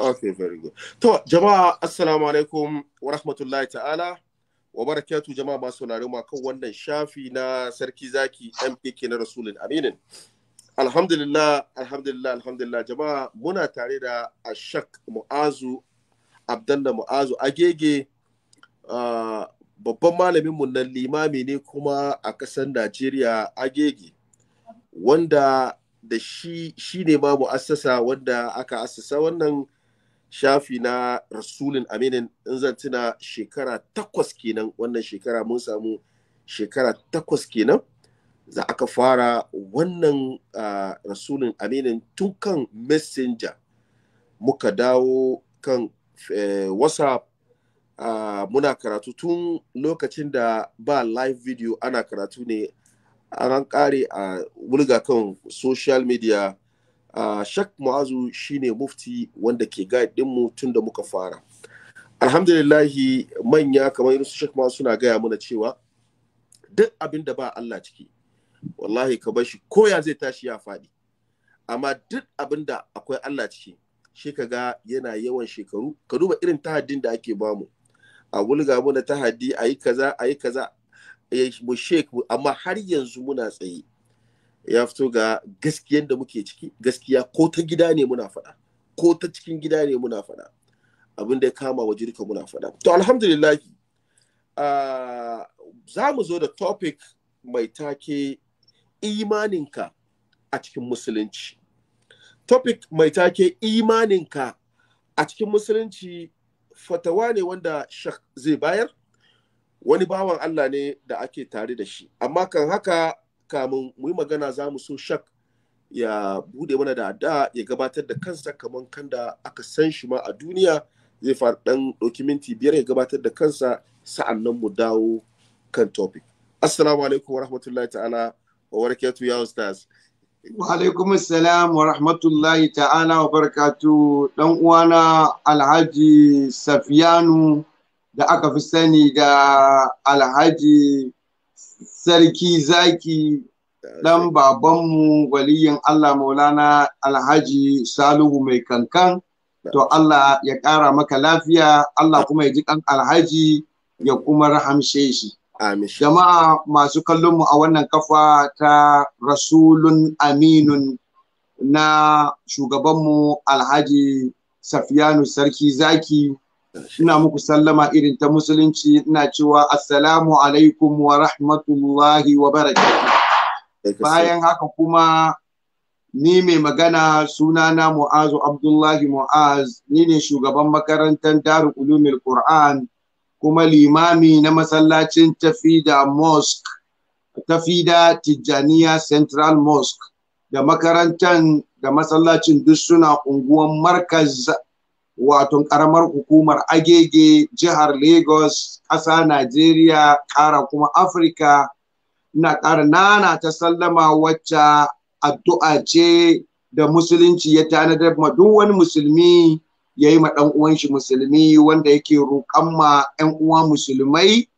Okay, very good. To, jama'a assalamu alaikum wa rahmatullahi ta'ala wa barakatuh jama'a masu ma kan wannan shafi na sarki zaki MPK na Rasulun Aminin. Alhamdulillah, alhamdulillah, alhamdulillah jama'a muna tare da Ashak Mu'azu Abdallah Mu'azu Agege uh, babban malamin mu na limami ne kuma a ƙasar Najeriya Agege wanda da shi shi ne ma mu'assasa wanda aka assasa wannan shafi na rasulin aminin in zan tuna shekara takwas kenan wannan shekara mun samu shekara takwas kenan za aka fara wannan uh, rasulun aminin tun kan messenger muka dawo kan eh, whatsapp muna karatu tun lokacin da ba live video ana karatu ne an kare a wulga kan social media Uh, shak mu'azu shine mufti wanda ke guide dinmu tun da muka fara alhamdulillahi manya kamar irin su shak mu'azu suna gaya mana cewa duk abin da ba Allah ciki wallahi ka bar shi koya zai tashi ya faɗi amma duk abin da akwai Allah ciki shi ka ga yana yawan shekaru ka duba irin tahaddin da ake bamu a wulga muna tahaddi a yi kaza a yi kaza eh, mu shek amma har yanzu muna tsaye ya fito ga gaskiyar da muke ciki gaskiya ko ta gida ne muna faɗa ko ta cikin gida ne muna faɗa abin da ya kama waje duka muna faɗa to alhamdulillah uh, za mu zo da topic mai take imaninka a cikin musulunci topic mai take imaninka a cikin musulunci fatawa ne wanda shak zai bayar wani bawan Allah ne da ake tare da shi amma kan haka kamun mu yi magana za mu so shak ya bude mana da da ya gabatar da kansa kamar kanda aka san shi ma a duniya zai fara dan ɗauki minti biyar ya gabatar da kansa sa'an nan mu dawo kan topic assalamu alaikum wa rahmatullahi ta'ala wa barakatu ya ustaz wa alaikum assalam wa rahmatullahi ta'ala wa barakatu dan uwana alhaji safiyanu da aka fi sani da alhaji sarki zaki dan babanmu waliyin Allah Maulana Alhaji Salihu mai kankan to Allah ya ƙara maka lafiya Allah kuma ya ji kan Alhaji ya kuma rahamshe shi jama'a masu kallon mu a wannan kafa ta rasulun aminun na shugabanmu Alhaji Safiyanu Sarki Zaki ina muku sallama irin ta musulunci ina cewa assalamu alaikum wa rahmatullahi wa barakatuh bayan haka kuma ni mai magana sunana mu'azu abdullahi mu'az ni ne shugaban makarantar darul ulumil qur'an kuma limami na masallacin tafida mosque tafida tijjaniya central mosque da makarantar da masallacin duk suna unguwan markaz wato karamar hukumar agege jihar lagos ƙasa najeriya ƙara kuma afirka na ƙara nana ta sallama wacce addu'a ce da musulunci ya tanadar ma duk wani musulmi ya yi ma ɗan uwan shi musulmi wanda yake roƙon ma ‘yan uwa musulmai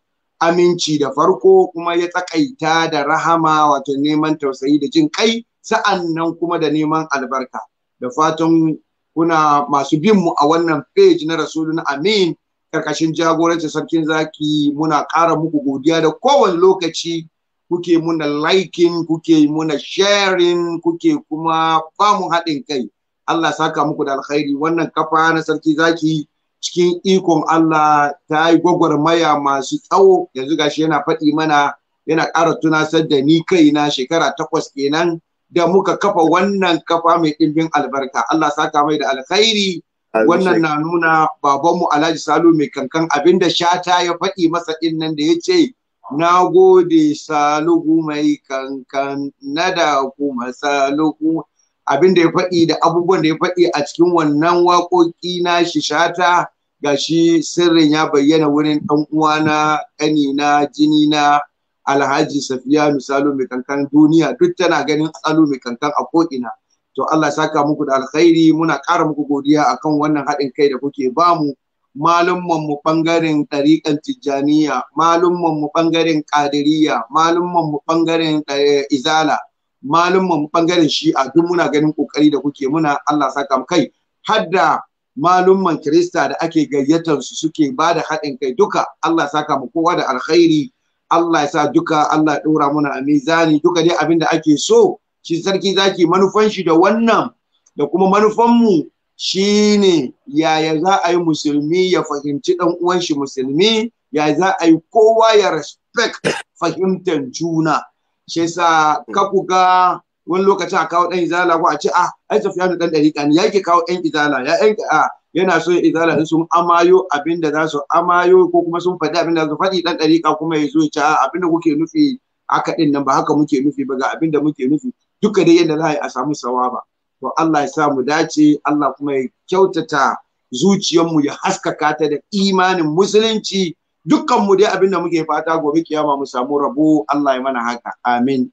aminci da farko kuma ya tsakaita da rahama wato neman tausayi da jin kai sa'an nan kuma da neman albarka da fatan kuna masu bin mu a wannan page na rasulun amin karkashin jagoranci sarkin zaki muna ƙara muku godiya da kowane lokaci kuke muna liking kuke muna sharing kuke kuma famun haɗin kai Allah saka muku da alkhairi wannan kafa na sarki zaki cikin ikon Allah ta yi gwagwarmaya masu tsawo yanzu gashi yana faɗi mana yana ƙara tunasar da ni kaina shekara takwas kenan da muka kafa wannan kafa mai ɗimbin albarka Allah saka mai da alkhairi wannan na nuna babanmu Alhaji Salu mai kankan abinda shata ya faɗi masa ɗin nan da ya ce na gode salugu mai kankan na da kuma salugu abinda ya faɗi da abubuwan da ya faɗi a cikin wannan waƙoƙi na shi shata gashi sirrin ya bayyana wurin ɗan uwana ƙanina jinina alhaji safiya misalu mai kankan duniya duk tana ganin tsalo mai kankan a ko'ina to Allah saka muku da alkhairi muna ƙara muku godiya akan wannan haɗin kai da kuke bamu malumman mu bangaren ɗariƙan tijjaniya malumman mu bangaren ƙadiriya malumman mu bangaren eh, izala malumman mu bangaren shi'a duk muna ganin ƙoƙari da kuke muna Allah saka mu kai hadda malumman kirista da ake gayyatar su suke ba da haɗin kai duka Allah saka mu kowa da alkhairi Allah ya sa duka Allah ya ɗora mana a mizani duka dai abin da ake so shi sarki zaki manufan shi da wannan da kuma manufan mu shine yaya za a yi musulmi ya fahimci ɗan uwan shi musulmi ya za a yi kowa ya respect fahimtar juna shi sa ka ku ga wani lokaci a kawo ɗan izala ko a ce ah ai tafiya da ɗan ɗariƙa ne yake kawo ɗan izala ya ɗan ah, yana so izala in sun amayo abin da za su amayo ko kuma sun faɗi abin za su faɗi dan ɗariƙa kuma ya zo ya ci abin kuke nufi aka ɗin nan ba haka muke nufi ba ga abinda da muke nufi duka dai yadda za a yi a samu sawaba to Allah ya sa mu dace Allah kuma ya kyautata zuciyarmu ya haskaka ta da imanin musulunci dukkan mu dai abinda muke fata gobe kiyama mu samu rabo Allah ya mana haka amin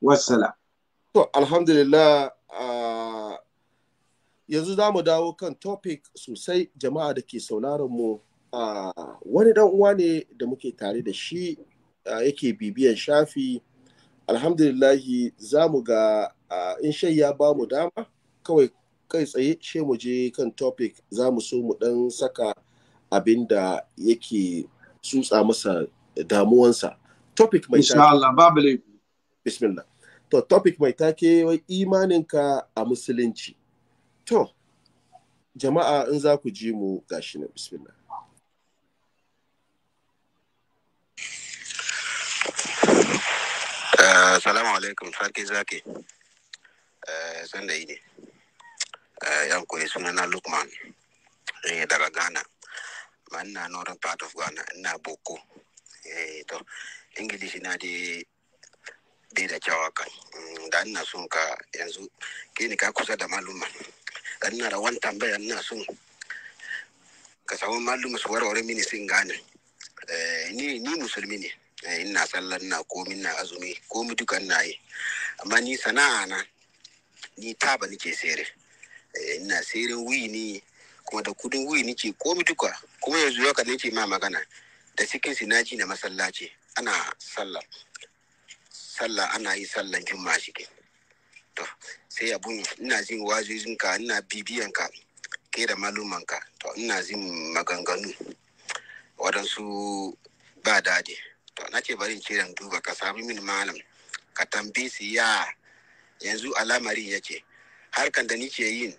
wassalam to alhamdulillah ah, yanzu za mu dawo kan topic sosai jama'a da ke mu a wani dan uwa ne da muke tare da shi yake bibiyan shafi alhamdulillahi za mu ga in shai ya ba mu dama kawai kai tsaye shi mu je kan topic za mu so mu dan saka abin da yake tsutsa masa damuwansa topic mai bismillah to topic mai take wai imaninka a musulunci To, jama'a in za ku ji mu gashi na bismillah. Eh, assalamu alaikum, sarki zaki. Sanda eh, yi ne. Yan eh, koyi sunana Lukman daga Ghana. Ma ina northern part of Ghana, ina Boko. To, English na da bai da kyawakan. Mm, da ina sun ka yanzu, ke ni ka kusa da maluma. kana da wani tambaya na sun ka samu malu su warware mini sun gane eh, ni ni musulmi ne eh, ina sallar na komi na azumi komi duka na yi amma ni sana'a na ni taba nike sere eh, ina sere wuyi ne kuma da kudin wuyi nike komi duka kuma yanzu yau nike ma magana da cikin sinaji na masallaci ana sallah sallah ana yi sallan juma shi to sai abun ina jin ka ina bibiyanka ke da malumanka to ina jin maganganu waɗansu ba daɗi to na ce bari kiran duba ka sami min malam ka tambi su ya yanzu alamarin yake harkan da nike yin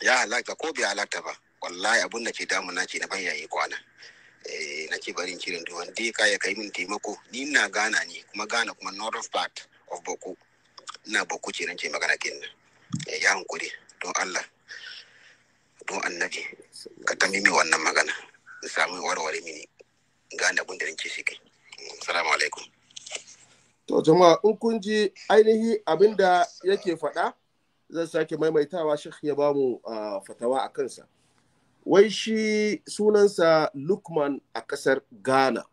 ya halaka ko bai halaka ba wallahi abun da ke damu na ce na ban yayi kwana eh, na ce barin kiran duba dai ka ya kai min taimako ni na gana ne kuma gana kuma north part of boko ina bako ce nan ce magana kenan eh, ya hankuri don Allah don annabi ka ta mimi wannan magana in samu warware mini gane abin da nake shi kai assalamu alaikum to jama'a in kun ji ainihi abin da yake faɗa zan sake maimaitawa shi ya ba mu fatawa a kansa wai shi sunansa lukman a ƙasar ghana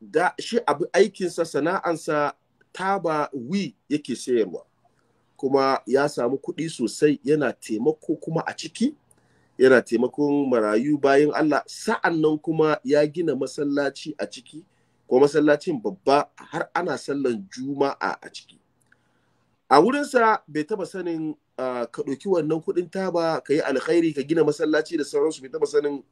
da shi aikinsa sana'ansa taba wi yake sayarwa kuma ya samu kuɗi sosai yana taimako kuma a ciki yana taimakon marayu bayan Allah sa'an nan kuma ya gina masallaci a ciki ko masallacin babba har ana sallan juma'a a ciki a wurinsa bai taba sanin ka ɗauki wannan kuɗin taba ka yi alkhairi ka gina masallaci da sauransu bai taba sanin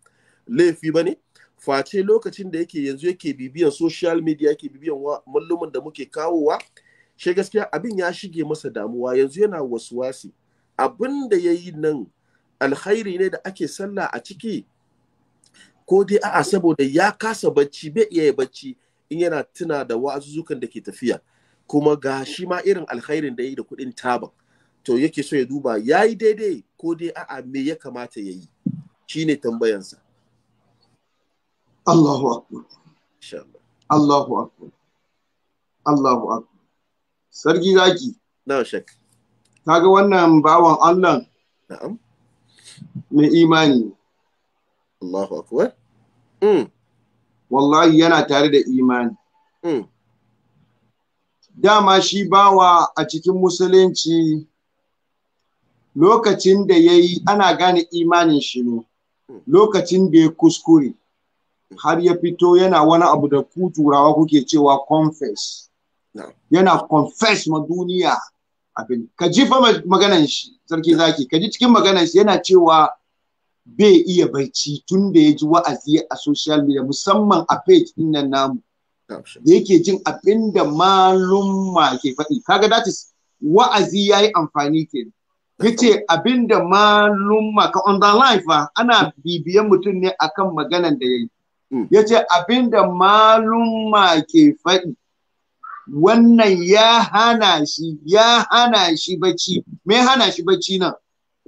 laifi ba ne face lokacin da yake yanzu yake bibiyan social media yake bibiyan malluman da muke kawowa shi gaskiya abin ya shige masa damuwa yanzu yana wasuwasi abin da ya yi nan alkhairi ne da ake sallah a ciki ko dai a'a saboda ya kasa bacci bai iya yi bacci in yana tuna da wazuzukan da ke tafiya kuma ga shi ma irin alkhairin da ya yi da kuɗin taba to yake so ya duba ya yi daidai ko dai a'a me ya kamata ya yi shine tambayansa Allahu akbar Allahu akbar Allahu akbar sarki zaki na shak kaga wannan bawan Allah na'am mai imani Allahu akbar mm. wallahi yana tare da imani mm. dama shi bawa a cikin musulunci lokacin da ya yi ana gane imanin shi ne mm. lokacin da ya kuskure har ya fito yana wani abu da ku turawa kuke cewa confess yana confess ma duniya abin ka ji fa maganan shi sarki zaki ka ji cikin maganan shi yana cewa bai iya barci tun da ya ji wa'azi a social media musamman a page din nan namu da yake jin abin malumma ke faɗi kaga that is wa'azi yayi amfani ke. yace abin da malumma ka on the life ana bibiyan mutum ne akan maganan da yayi Mm. ya ce abinda malumma ke faɗi wannan ya hana shi ya hana shi bacci me hana shi bacci nan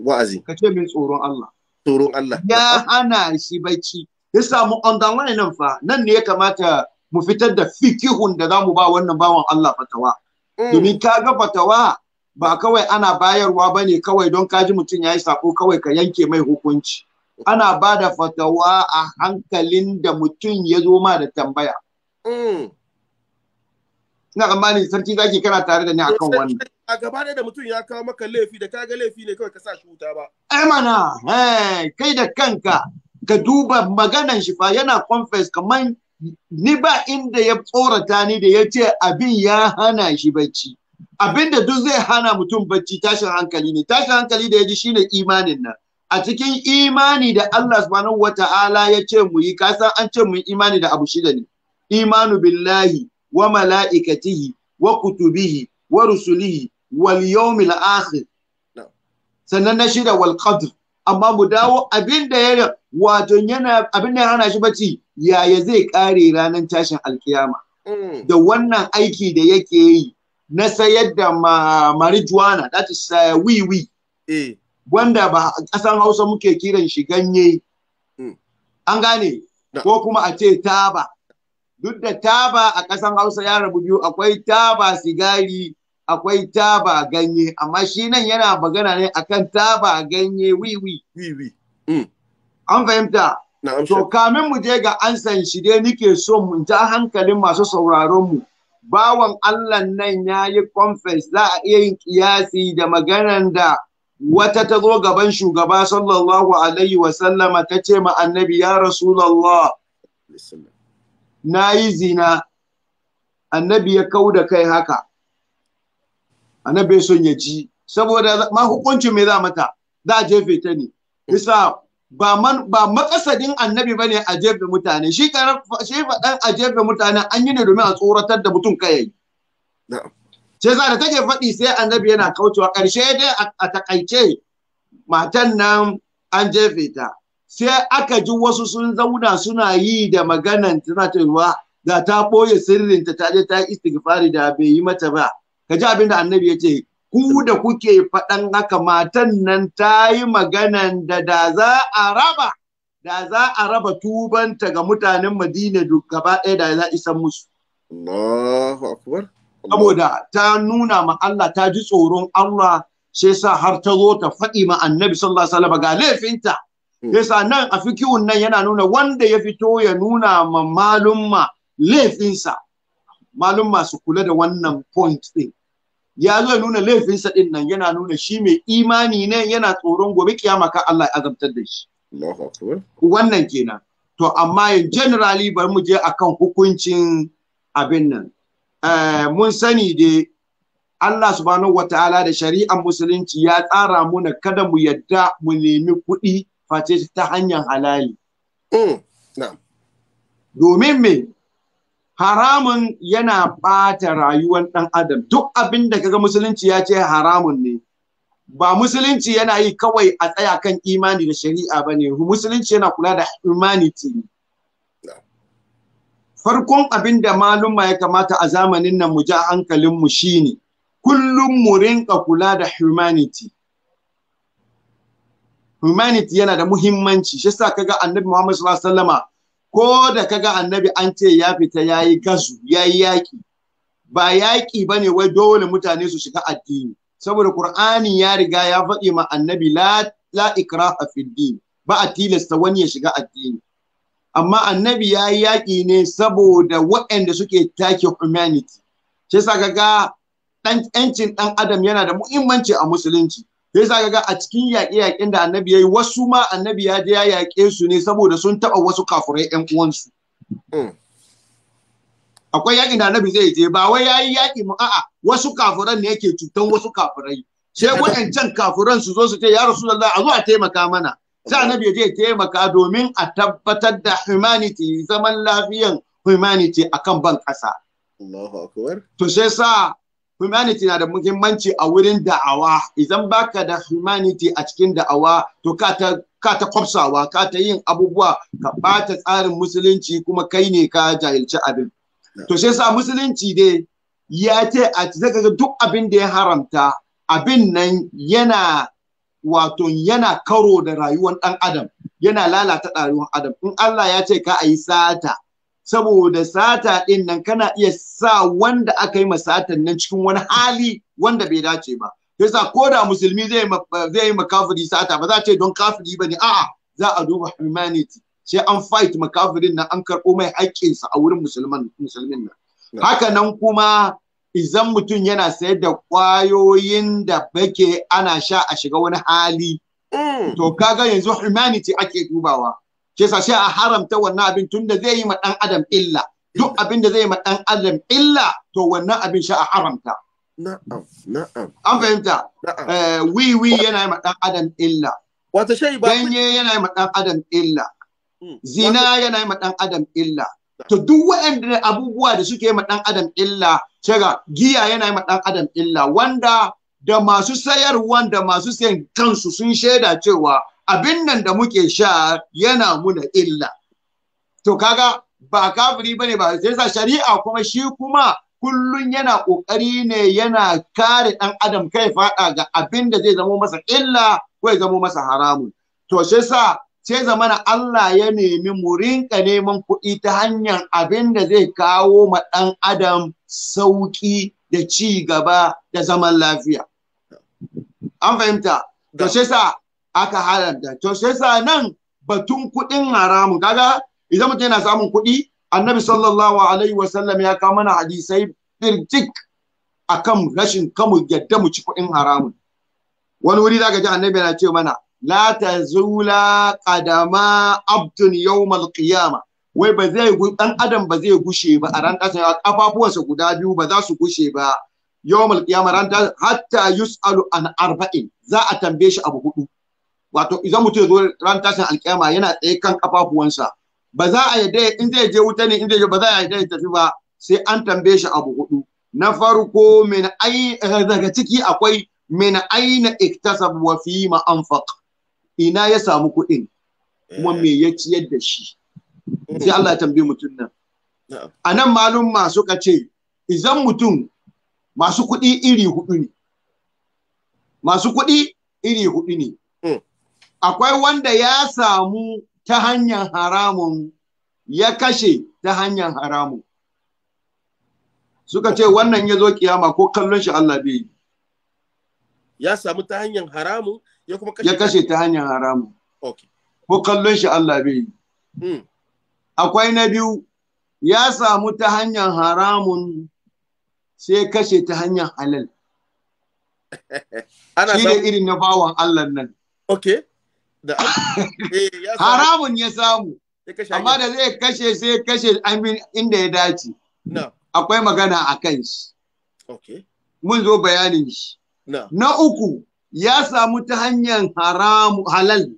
wa'azi ka ce min tsoron Allah tsoron Allah ya hana shi bacci ya samu underline nan fa nan ne ya kamata mu fitar da fikihun da zamu ba wannan bawan Allah fatawa mm. domin ka ga fatawa ba kawai ana bayarwa bane kawai don kaji mutum yayi sako kawai ka yanke mai hukunci ana ba da fatawa a hankalin da mutum ya zo ma da tambaya. Mm. Ina tsammani sarki zaki kana tare da ni akan wannan. A gaba da mutum ya kawo maka laifi da kaga laifi ne kawai ka sa shi wuta ba. Ai mana, eh, kai da kanka ka duba maganan shi fa yana confess kaman ni ba inda ya tsorata ni da ya ce abin ya hana shi bacci. Abin da duk zai hana mutum bacci tashin hankali ne. Tashin hankali da ya ji shine imanin nan. a cikin imani da Allah subhanahu wata'ala ya ce mu yi kasan an ce mu imani da abu shida ne imanu billahi wa mala'ikatihi wa kutubihi wa rusulihi wal yawmil akhir sannan na shida wal qadr amma mu dawo abin da ya wato yana abinda hana shi bacci yaya zai kare ranar tashin alkiyama mm. da wannan aiki da yake yi na sayar da marijuana that is uh, wiwi eh. Wanda ba a ƙasan hausa muke kiran shi ganye hmm. an gane ko kuma a ce taba duk da taba a ƙasan hausa ya rabu biyu akwai taba sigari akwai taba ganye amma shi nan yana magana ne akan taba ganye wiwi wiwi hmm. an fahimta to kamin mu je ga san shi dai nike so mu ta hankalin masu sauraron mu bawan Allah nan ya yi confess za a iya yin kiyasi da maganan da wata ta zo gaban shugaba sallallahu alaihi wasallama ta ce ma annabi ya rasulallah na yi zina annabi ya kau da kai haka annabi son ya ci saboda ma hukuncin me za mata za a jefe ta ne bisa ba man ba makasadin annabi bane a jefe mutane shi karar shi faɗan a jefe mutane an yi ne domin a tsoratar da mutum kai na'am sai da take faɗi sai annabi yana kaucewa ƙarshe dai a takaice matan nan an jefe ta sai aka ji wasu sun zauna suna yi da maganan suna cewa da ta ɓoye sirrinta ta je ta istighfari da bai yi mata ba ka ji abin da annabi ya ce ku da kuke faɗan haka matan nan ta yi maganan da da za a raba da za a raba tubanta ga mutanen madina duk gaba ɗaya da za isan musu Allahu akbar saboda ta nuna ma Allah ta ji tsoron Allah sai sa har ta zo ta faɗi ma annabi sallallahu alaihi wasallam ga laifinta hmm. yasa nan a fikihun nan yana nuna wanda ya fito ya nuna ma malumma laifinsa malumma su kula da wannan point din ya zo ya nuna laifinsa din nan yana nuna shi mai imani ne yana tsoron gobe kiyama ka Allah ya azabtar da shi wannan kenan to amma generally bari mu je akan hukuncin abin nan Eh, mun sani da Allah subhanahu wata'ala da shari'ar musulunci ya tsara muna kada mu yadda mu nemi kuɗi face ta hanyar halali. Mm, Domin me haramun yana ɓata rayuwar ɗan adam duk abin da kaga musulunci ya ce haramun ne ba musulunci yana yi kawai a tsaya kan imani da shari'a ba ne musulunci yana kula da humanity ne farkon abin da maluma ya kamata a zamanin nan mu ja hankalinmu shine kullum mu rinka kula da humanity humanity yana da muhimmanci shi yasa kaga annabi Muhammad sallallahu alaihi wasallama ko da kaga annabi an ce ya fita yayi gazu yayi yaki ba yaki bane wai dole mutane su shiga addini saboda Qur'ani ya riga ya faɗi ma annabi la la ikraha fid din ba a tilasta wani ya shiga addini amma annabi ya yi yaƙi ne saboda waɗanda suke take humanity shi yasa ɗan ƴancin ɗan adam yana da muhimmanci a musulunci shi yasa ga a cikin yaƙe-yaƙen da annabi ya yi wasu ma annabi ya je ya yaƙe su ne saboda sun taɓa wasu kafurai ƴan uwansu hmm. akwai yaƙin da annabi zai je ba wai ya yi yaƙi mu a'a wasu kafuran ne yake cutan wasu kafurai sai waɗancan kafuran su zo su ce ya rasu a zo a taimaka mana sai annabi zai taimaka domin a tabbatar da humanity zaman lafiyan humanity akan ban ƙasa to sai sa humanity na da muhimmanci a wurin da'awa idan baka da humanity a cikin da'awa to ka ta kwafsawa ka ta yin abubuwa ka bata tsarin musulunci kuma kai ne ka jahilci abin to sai sa musulunci dai ya ce a duk abin da ya haramta abin nan yana wato yana karo da rayuwar ɗan adam yana lalata rayuwar adam in Allah ya ce ka a yi sata saboda sata ɗin nan kana iya sa wanda aka yi satan nan cikin wani hali wanda bai dace ba yasa ko da musulmi zai zai yi makafiri sata ba za ce don kafiri ba ne a'a za a duba humanity sai an fight makafirin nan an karɓo mai haƙƙinsa a wurin musulmin nan haka nan kuma idan mutum yana sayar da kwayoyin da bake ana sha a shiga wani hali mm. to kaga yanzu humanity ake dubawa ke sa a haramta wannan abin tun da zai yi ma ɗan adam illa duk abin da zai yi ma ɗan adam illa to wannan abin sha a haramta an fahimta eh, wiwi yana yi ma ɗan adam illa Wata shayi ba ganye yana yi ma ɗan adam illa mm. zina yana yi ma ɗan adam illa to duk waɗanda abubuwa da suke ma ɗan adam illa shaga giya yana yi ma ɗan adam illa wanda da masu sayarwan da masu sayan kansu sun shaida cewa abin nan da muke sha yana muna illa to kaga ba kafiri ne ba sai sa shari'a kuma shi kuma kullun yana kokari ne yana kare ɗan adam kai faɗa ga abin da zai zamo masa illa ko ya zamo masa haramun to sai sa sai zamana Allah ya nemi mu rinka neman kuɗi ta hanyar abin da zai kawo ma ɗan adam sauƙi da ci gaba da zaman lafiya. An fahimta? To sa aka halarta. To sai sa nan batun kuɗin haramun. Kaga idan mutum yana samun kuɗi, annabi sallallahu alaihi wasallam ya kawo mana hadisai birtik kan rashin kamu yadda mu ci kuɗin haramun. Wani wuri za ka ji annabi yana ce mana, la zula kadama abdun yawmal qiyama wai ba zai dan adam ba zai gushe ba a ran kasa kafafuwansa guda biyu ba za su gushe ba yawmal qiyama ran ta hatta yusalu an arba'in za a tambaye shi abu hudu wato idan mutum ya zo ran san alqiyama yana tsaye kan kafafuwansa ba za a yadda in zai je wuta ne in zai je ba za a yadda ya tafi ba sai an tambaye shi abu hudu na farko min ai daga ciki akwai min aina iktasab wa fi ma anfaq ina ya samu kuɗin kuma me ya ciyar da shi sai Allah ya tambaye mutum nan a nan malum masu ce idan mutum masu kuɗi iri hudu ne masu kuɗi iri hudu ne mm. akwai wanda ya samu ta hanyar haramun ya kashe ta hanyar haramun suka ce wannan ya zo kiyama ko kallon shi Allah bai yi ya samu ta hanyar haramun ya kuma kashe ya kashe ta hanyar haramu okay ko kallon shi Allah bai yi hmm. akwai na biyu ya samu ta hanyar haramun sai kashe ta hanyar halal shi da irin na bawan Allah nan okay eh, haramun ya samu amma da zai kashe sai kashe inda ya dace akwai magana a kan shi mun zo bayanin shi na uku ya samu ta hanyar haramu halal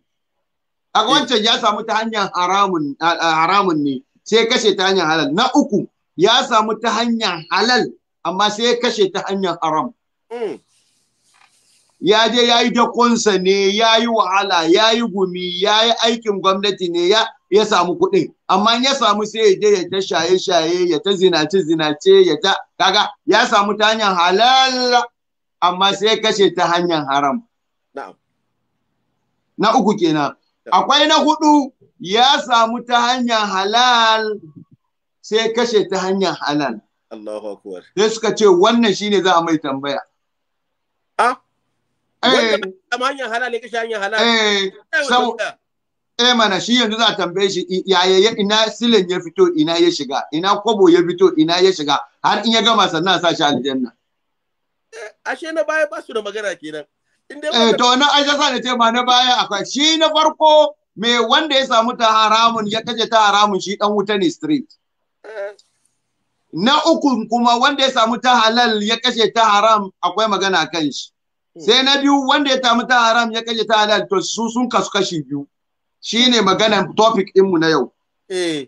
a eh. wancan ya samu ta hanyar haramun ne sai kashe ta hanyar halal na uku ya samu ta hanyar halal amma sai kashe ta hanyar haram hmm. ya je ya yi dakonsa ne ya yi wahala ya yi gumi ya yi aikin gwamnati ne ya samu kuɗi amma ya samu sai ya je ya ta shaye shaye ya ta zinace zinace ya ta kaga ya samu ta hanyar halal amma sai kashe ta hanyar haram. Na uku kenan. Akwai na hudu ya samu ta hanyar halal sai kashe ta hanyar halal. Allahu akbar. Sai suka ce wannan shine za a mai tambaya. Ah, eh. Eh. Eh mana shi yanzu za a tambaye shi yaya ina silin ya fito ina ya shiga ina kwabo ya fito ina ya shiga har in ya gama sannan sa shi aljanna. ashe na baya ba su da magana kenan eh to na aisha sa ne ce ma na baya akwai shi na farko me wanda ya samu ta haramun ya kaje ta haramun shi dan wuta ne street eh. na uku kuma wanda ya samu ta halal ya kashe ta haram akwai magana kan shi hmm. sai na biyu wanda ya samu ta haram ya kashe ta halal to su sun kasu kashi biyu shine magana, topic din mu na yau eh.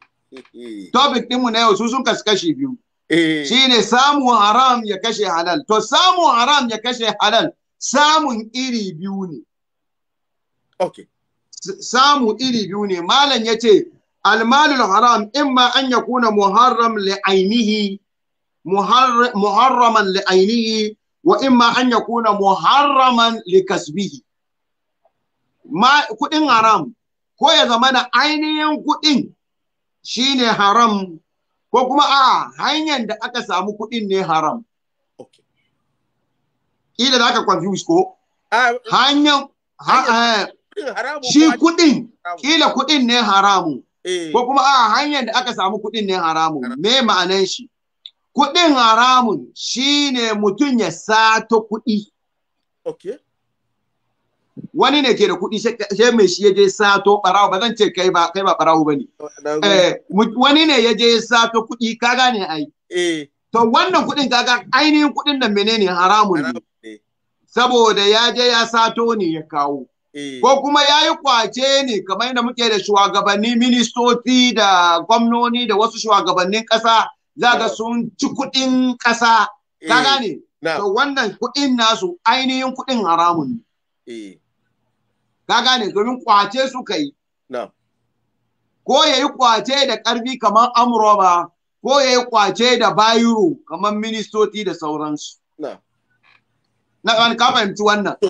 topic din mu na yau su sun kasu kashi biyu Eh. shine samun haram ya kashe halal to samun haram ya kashe halal samun iri biyu ne okay Samun iri biyu ne malam ya ce almalul haram imma an ya kuna muharram li'ainihi muharraman li'ainihi wa imma an ya kuna muharraman likasbihi ma kudin haram ko ya zama na ainihin kudin shine haram ko kuma a hanyar da aka samu kuɗin ne haram ila da aka confuse ko hanyar eh, shi kuɗin ƙila kuɗin ne haramu eh. ko kuma a hanyar da aka samu kuɗin ne haramu. me ma'anan shi kuɗin haramun ne mutum ya sato kuɗi okay. wani ne ke da kuɗi sai mai shi ya je sato ɓarawo ba zan ce kai ba kai ba ɓarawo ba ne eh, wani ne ya je sato kuɗi ka gane ai eh. to wannan kuɗin kaga ainihin kuɗin nan menene haramun ne saboda ya je ya sato ne ya kawo eh. ko kuma ya yi kwace ne kamar yadda muke da shugabanni ministoci da gwamnoni da wasu shugabannin ƙasa za ga sun ci kuɗin ƙasa ka gane to wannan kuɗin nasu ainihin kuɗin haramun ne ka gane domin kwace suka yi ko ya yi kwace da ƙarfi kamar ba, ko ya yi kwace da bayuro kamar ministoci da sauransu na ka fahimci wannan to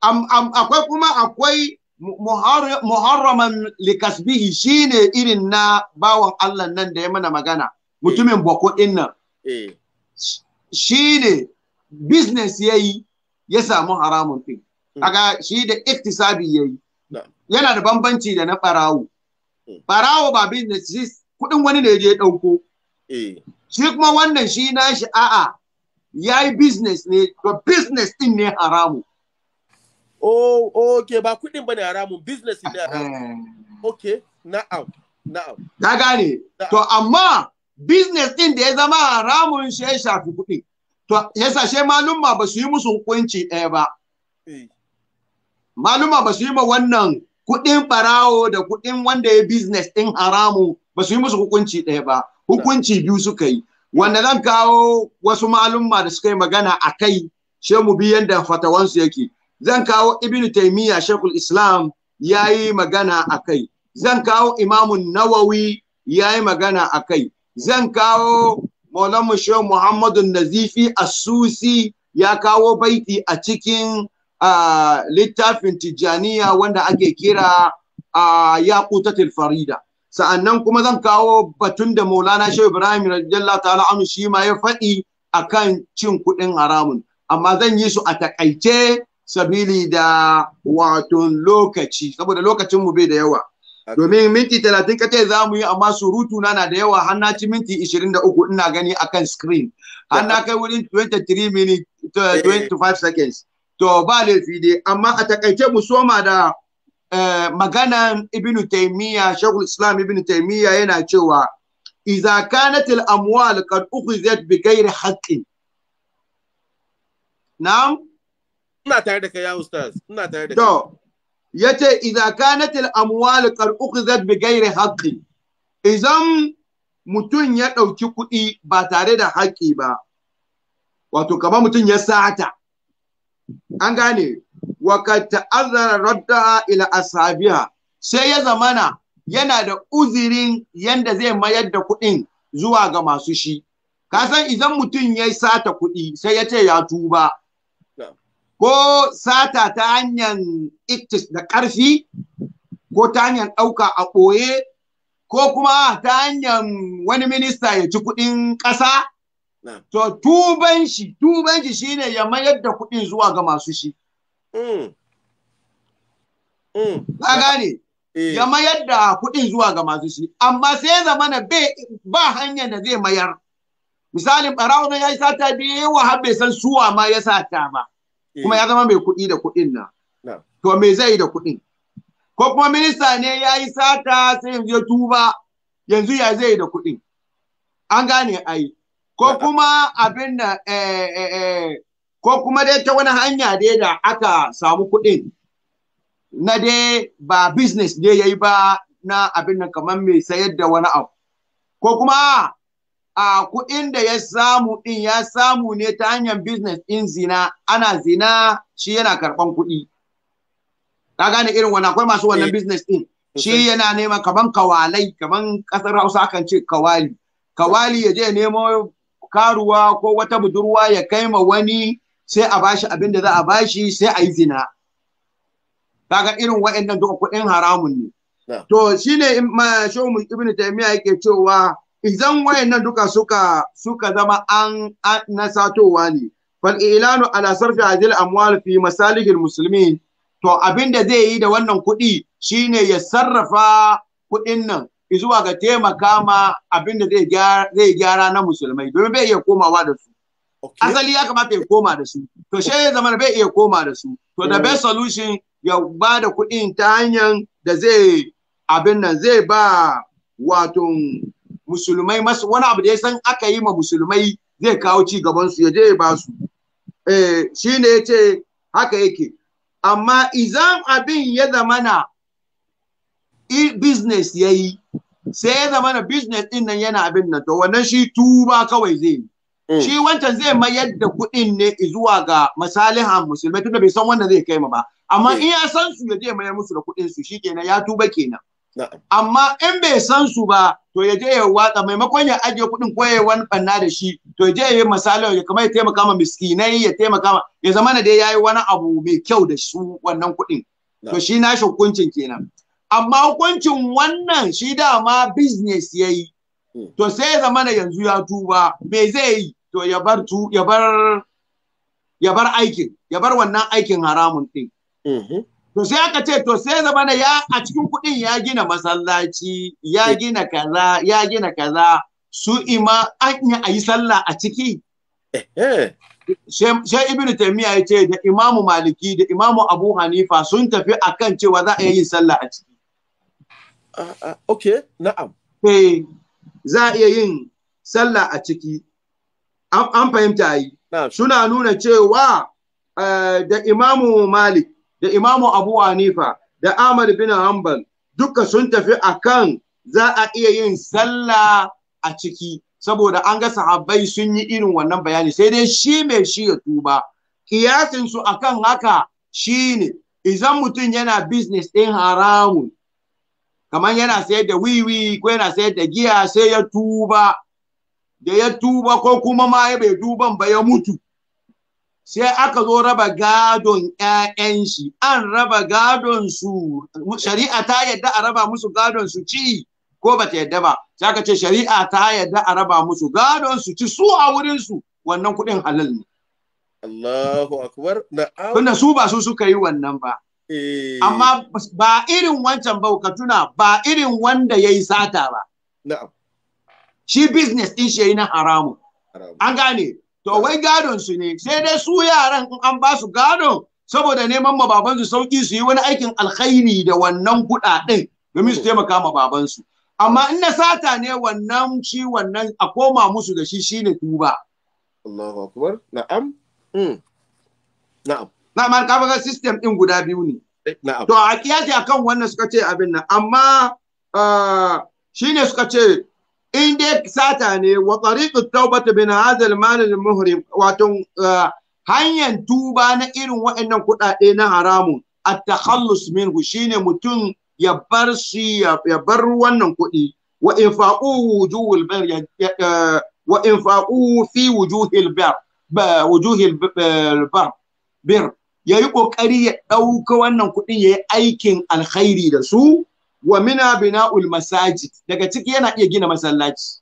akwai kuma akwai muharraman likasbihi shine irin na bawan Allah nan da ya mana magana eh. mutumin bako ɗin nan eh. shine business yayi ya samu haramun ɗin. kaga shi da iktisabi yayi yana da bambanci da na barawo barawo hmm. ba business shi kudin wani ne je dauko eh. shi kuma wannan shi na shi a'a yayi business ne to business din ne haramu oh okay ba kudin bane haramun business ne haramu. Eh. okay na'am na'am da gane to amma business din da ya zama haramun shi ya shafi kudi to yasa shi malumma ba su yi musu hukunci ɗaya ba eh. maluma ba su yi ma wannan kuɗin ɓarawo da kuɗin wanda ya business ɗin haramu ba su yi musu hukunci ɗaya ba hukunci biyu suka yi wanda zan kawo wasu maluma da suka yi magana a kai shi mu bi yanda fatawansu yake zan kawo ibn taymiya shekul islam ya yi magana a kai zan kawo Imam nawawi ya yi magana a kai zan kawo maulamu shehu muhammadu nazifi asusi ya kawo baiti a cikin a littafin tijjaniya wanda ake kira a yaqutatul farida sa'annan kuma zan kawo batun da Maulana Shehu Ibrahim radiyallahu ta'ala anhu shi ma ya faɗi akan cin kuɗin haramun amma zan yi su a takaice sabili da wato lokaci saboda lokacin mu bai da yawa domin minti talatin kace za mu yi amma surutu na da yawa har na ci minti 23 ina gani akan screen har na kai wurin 23 minutes 25 seconds to ba laifi dai amma a takaice mu soma da eh, magana ibnu taymiya shaykhul islam ibnu taymiya yana cewa idza kanat al amwal qad ukhizat bi ghairi haqqi na'am ina tare da kai ya ustaz ina tare da kai to yace idza kanat al amwal qad ukhizat bi ghairi haqqi idan mutum ya dauki kuɗi ba tare da haƙƙi ba wato kamar mutum ya sata an gane wakata azara ta'azzara ila ashabiha sai ya zamana yana da uzirin yanda zai mayar da kuɗin zuwa ga masu shi ka san idan mutum ya sata kuɗi sai ya ce ya tuba ko sata ta hanyar itis da ƙarfi ko ta hanyar ɗauka a ɓoye ko kuma ta hanyar wani minista ya ci kuɗin ƙasa To tuban shi, tuban shi shine ya mayar da kuɗin zuwa ga masu shi. Mm. Mm. Ka gane? Eh. Ya mayar da kuɗin zuwa ga masu shi, amma sai ya zamana ba hanyar da zai mayar. Misalin ɓarawo ya yi sata biyu yawa har bai san suwa ma ya sata ba. Eh. Kuma ya zama mai kuɗi da kuɗin na. To me zai yi da kuɗin? Ko kuma minista ne ya yi sata sai yanzu ya tuba yanzu ya zai yi da kuɗin. An gane ai. ko kuma abin da eh, eh, eh, ko kuma dai ta wani hanya dai da aka samu kuɗin na dai ba business dai yayi ba na abin nan kamar mai sayar da wani abu ko kuma a kuɗin da ya samu ɗin ya samu ne ta hanyar business ɗin zina ana zina shi yana karɓan kuɗi ka gane irin wani akwai masu wannan business ɗin shi yana neman kaman kawalai kaman ƙasar hausa akan ce kawali kawali ya je nemo karuwa ko wata budurwa ya kai ma wani sai a bashi abin da za a bashi sai a yi zina kaga irin waɗannan duka kuɗin haramun ne to shine ma shomu ibnu taymiya yake cewa idan wayannan duka suka suka zama an na satowa ne fal ilanu ala sarfi hadil amwal fi masalihil muslimin to abin da zai yi da wannan kuɗi shine ya sarrafa kuɗin nan zuwa ga taimaka ma abin da zai gyara na musulmai domin bai iya komawa da su asali ya kamata ya koma da su to shi ya zama bai iya koma da su to the best solution ya ba da kuɗin ta hanyar da zai abin nan zai ba wato musulmai masu wani abu da ya san aka yi ma musulmai zai kawo ci gaban su ya je ba su eh shine yace haka yake amma izan abin ya zamana business ya yi sai ya zama na business din nan yana abin nan to wannan shi tuba kawai zai yi mm. shi wancan zai mayar da kuɗin ne zuwa ga masalihan musulmai tunda bai san wanda zai kai ma ba amma mm. in ya san su ya je mayar musu da kuɗin su shikenan ya tuba kenan amma in bai san su ba to ya je ya watsa maimakon ya ajiye kuɗin ko ya wani banna da shi to ya je ya yi ya kamar ya taimaka ma miskinai ya taimaka ma ya zama na dai yayi wani abu mai kyau da su wannan kuɗin to shi na hukuncin kenan amma hukuncin wannan shi dama business ya yi hmm. to sai ya zama yanzu ya tuba me zai yi to ya bar tu ya bar ya bar aikin ya bar wannan aikin haramun din mhm. to sai aka ce to sai zama ya a cikin kuɗin ya gina masallaci ya hmm. gina kaza ya gina kaza su ima an yi a yi sallah a ciki sai Ibn Taymiyyah ya ce da imamu maliki da imamu abu hanifa sun tafi akan cewa za a yi sallah a ciki okay na'am eh za a iya yin sallah a ciki an fahimta yi suna nuna cewa eh, da imamu malik da imamu abu hanifa da ahmad bin hanbal duka sun tafi akan za a iya yin sallah a ciki saboda an ga sahabbai sun yi irin wannan bayani sai dai shi mai shi ya tuba Kiyasinsu su akan haka shi ne. Izan mutum yana business ɗin haramun kamar yana sayar da wiwi ko yana sayar da giya sai ya tuba da ya tuba ko kuma ma ya bai duban ba ya mutu sai aka zo raba gadon ƴaƴan shi an raba gadon su shari'a ta yadda a raba musu gadon su ci ko ba ta yadda ba sai aka ce shari'a ta yadda a raba musu gadon su ci su a wurin su wannan kuɗin halal ne Allahu akbar na'am tunda su ba su suka yi wannan ba Eh. Amma ba irin wancan ba ka ba irin wanda ya yi sata ba. Shi business din shi ya yi na haramu. An gane. To wai gadon su ne sai dai su yaran in an ba su gadon saboda neman ma babansu sauki su yi wani aikin alkhairi da wannan kuɗaɗen domin su taimaka ma babansu. Amma in na sata ne wannan shi wannan a koma musu da shi shine tuba. Allahu akbar. Na'am. Hmm. Na'am. na man ka ga system din guda biyu ne eh, to a kiyasi akan wannan suka ce abin nan amma ah, shine suka ce in dai sata ne wa tariqu tawbati min hadha al-mal al-muhrim wato ah, hanyar tuba na irin waɗannan kuɗaɗe na haramun at-takhallus minhu shine mutum ya bar shi ya bar wannan kuɗi wa infaquhu wujuhul bar ah, wa fi wujuhil bar wujuhil eh, bar bir ya yi ƙoƙari ya ɗauka wannan kuɗin ya yi aikin alkhairi da su wa mina bina'ul masajid daga ciki yana iya gina masallaci.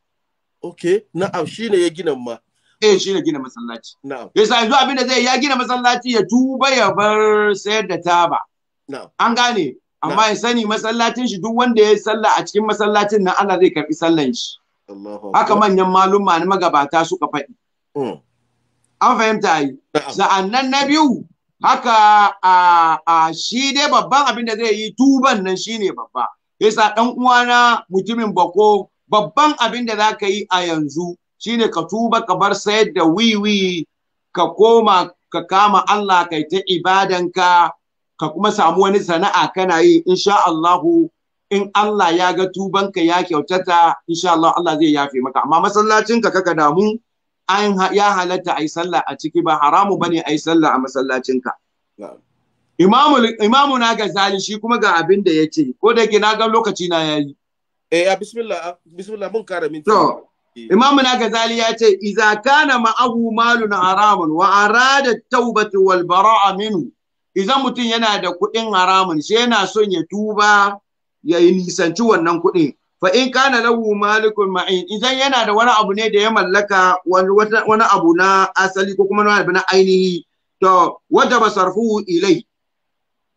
Ok, na'am shi ne ya gina ma. Eh shi ne gina masallaci. Na'am. Yasa yanzu abin da zai ya gina masallaci ya tuba ya bar sayar da taba. Na'am. An gane. Amma ya sani masallacin shi duk wanda ya yi sallah a cikin masallacin nan Allah zai karɓi sallan shi. Haka manyan malumma na magabata suka faɗi. Mm. An fahimta yi. Sa'annan na biyu haka a, uh, shi dai babban abin da zai yi tuban nan shine babba yasa dan uwana mutumin bako babban abin da zaka yi a yanzu shine ka tuba ka bar sayar da wiwi ka koma ka kama Allah kai ta ibadanka ka kuma samu wani sana'a kana yi insha Allahu in Allah ya ga tubanka ya kyautata insha Allah Allah zai yafe maka amma masallacinka kaka damu ya halatta a yi sallah a ciki ba haramu bane a yi sallah a masallacinka. Imamu na zali shi kuma ga abin da ya ce, ko da yake na ga lokaci na ya yi. Eh, ya bismillah, ah, bismillah mun kara minti. To, eh. Imamu na gazali ya ce, "Iza kana ma'ahu malun haramun wa arada taubatu wal bara'a minhu." Idan mutum yana da kuɗin haramun, sai yana son ya tuba ya yi nisanci wannan kuɗin. fa in kana lahu malikul ma'in idan yana da wani abu ne da ya mallaka wani abu na asali ko kuma wani abu na ainihi to wajaba sarfuhu ilai